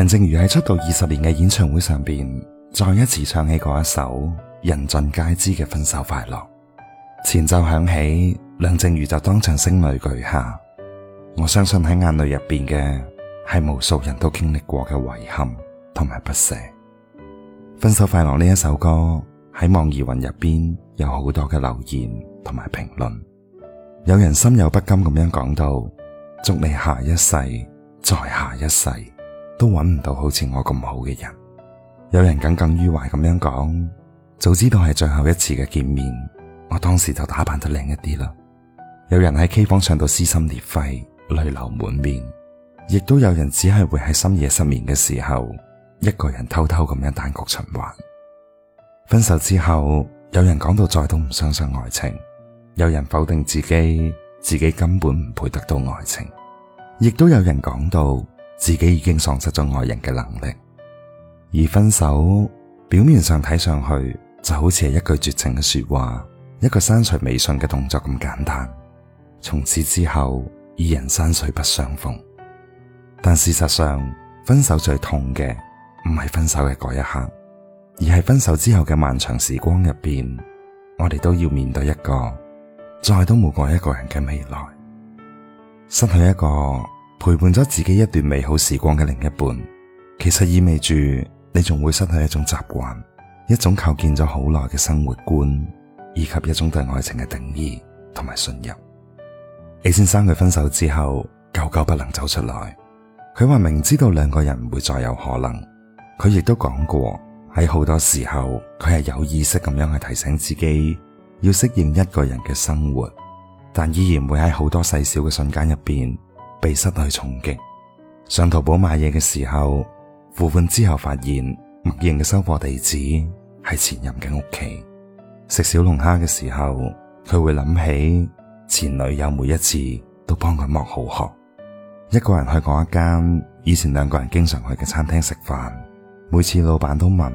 梁靜茹喺出道二十年嘅演唱會上邊，再一次唱起嗰一首人盡皆知嘅《分手快樂》。前奏響起，梁靜茹就當場聲淚俱下。我相信喺眼淚入邊嘅係無數人都經歷過嘅遺憾同埋不捨。《分手快樂》呢一首歌喺網易雲入邊有好多嘅留言同埋評論。有人心有不甘咁樣講到：祝你下一世，再下一世都揾唔到好似我咁好嘅人。有人耿耿於懷咁樣講，早知道係最後一次嘅見面，我當時就打扮得靚一啲啦。有人喺 K 房唱到撕心裂肺、淚流滿面，亦都有人只係會喺深夜失眠嘅時候，一個人偷偷咁樣單曲循環。分手之後，有人講到再都唔相信愛情，有人否定自己，自己根本唔配得到愛情，亦都有人講到。自己已經喪失咗愛人嘅能力，而分手表面上睇上去就好似係一句絕情嘅說話，一個刪除微信嘅動作咁簡單。從此之後，二人山水不相逢。但事實上，分手最痛嘅唔係分手嘅嗰一刻，而係分手之後嘅漫長時光入邊，我哋都要面對一個再都冇過一個人嘅未來，失去一個。陪伴咗自己一段美好時光嘅另一半，其實意味住你仲會失去一種習慣，一種構建咗好耐嘅生活觀，以及一種對愛情嘅定義同埋信任。李先生佢分手之後，久久不能走出來。佢話明知道兩個人唔會再有可能，佢亦都講過喺好多時候，佢係有意識咁樣去提醒自己要適應一個人嘅生活，但依然會喺好多細小嘅瞬間入邊。被失去重擊，上淘寶買嘢嘅時候，付款之後發現默認嘅收貨地址係前任嘅屋企。食小龍蝦嘅時候，佢會諗起前女友每一次都幫佢剝好殼。一個人去過一間以前兩個人經常去嘅餐廳食飯，每次老板都問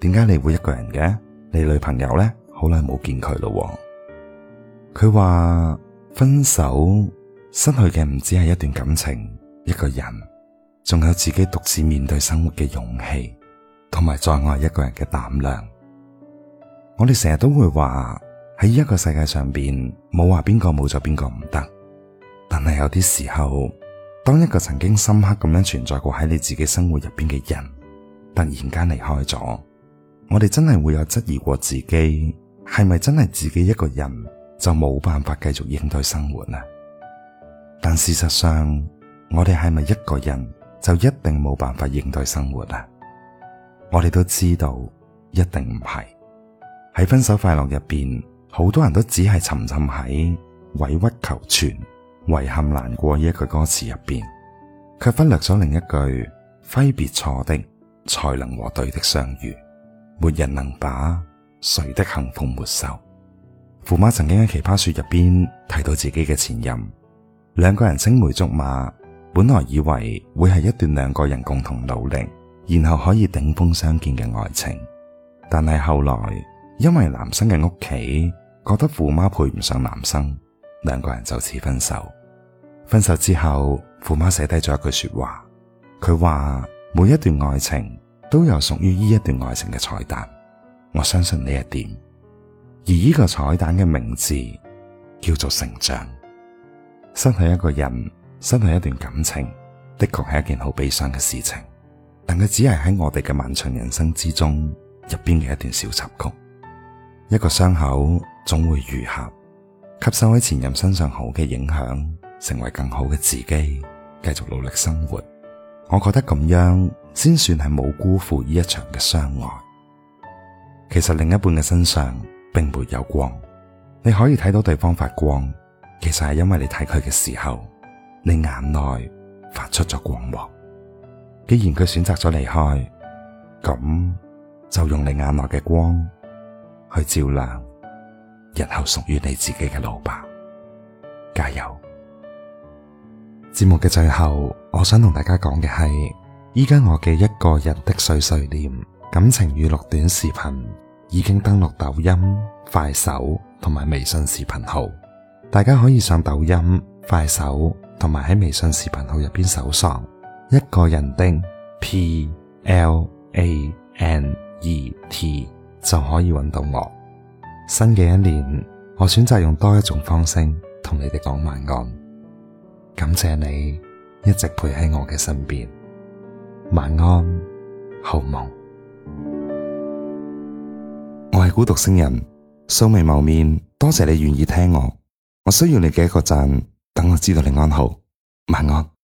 點解你會一個人嘅？你女朋友呢？好耐冇見佢咯喎。佢話分手。失去嘅唔止係一段感情、一個人，仲有自己獨自面對生活嘅勇氣，同埋再愛一個人嘅膽量。我哋成日都會話喺一個世界上邊冇話邊個冇咗邊個唔得，但係有啲時候，當一個曾經深刻咁樣存在過喺你自己生活入邊嘅人突然間離開咗，我哋真係會有質疑過自己係咪真係自己一個人就冇辦法繼續應對生活呢？但事實上，我哋係咪一個人就一定冇辦法應對生活啊？我哋都知道，一定唔係。喺分手快樂入邊，好多人都只係沉浸喺委屈求全、遺憾難過呢一句歌詞入邊，卻忽略咗另一句揮別錯的，才能和對的相遇。沒人能把誰的幸福沒收。父母曾經喺奇葩說入邊睇到自己嘅前任。兩個人青梅竹馬，本來以為會係一段兩個人共同努力，然後可以頂峰相見嘅愛情。但係後來因為男生嘅屋企覺得父母配唔上男生，兩個人就此分手。分手之後，父母寫低咗一句說話，佢話每一段愛情都有屬於呢一段愛情嘅彩蛋，我相信呢一點。而依個彩蛋嘅名字叫做成長。失去一個人，失去一段感情，的確係一件好悲傷嘅事情。但佢只係喺我哋嘅漫長人生之中入邊嘅一段小插曲。一個傷口總會愈合，吸收喺前任身上好嘅影響，成為更好嘅自己，繼續努力生活。我覺得咁樣先算係冇辜負呢一場嘅相愛。其實另一半嘅身上並沒有光，你可以睇到對方發光。其實係因為你睇佢嘅時候，你眼內發出咗光芒。既然佢選擇咗離開，咁就用你眼內嘅光去照亮日後屬於你自己嘅路吧。加油！節目嘅最後，我想同大家講嘅係，依家我嘅一個人的碎碎念感情語錄短視頻已經登錄抖音、快手同埋微信視頻號。大家可以上抖音、快手，同埋喺微信視頻號入邊搜索一個人的 P L A N E T 就可以揾到我。新嘅一年，我選擇用多一種方式同你哋講晚安。感謝你一直陪喺我嘅身邊，晚安，好夢。我係孤獨星人，素未謀面，多謝你願意聽我。我需要你嘅一個讚，等我知道你安好，晚安。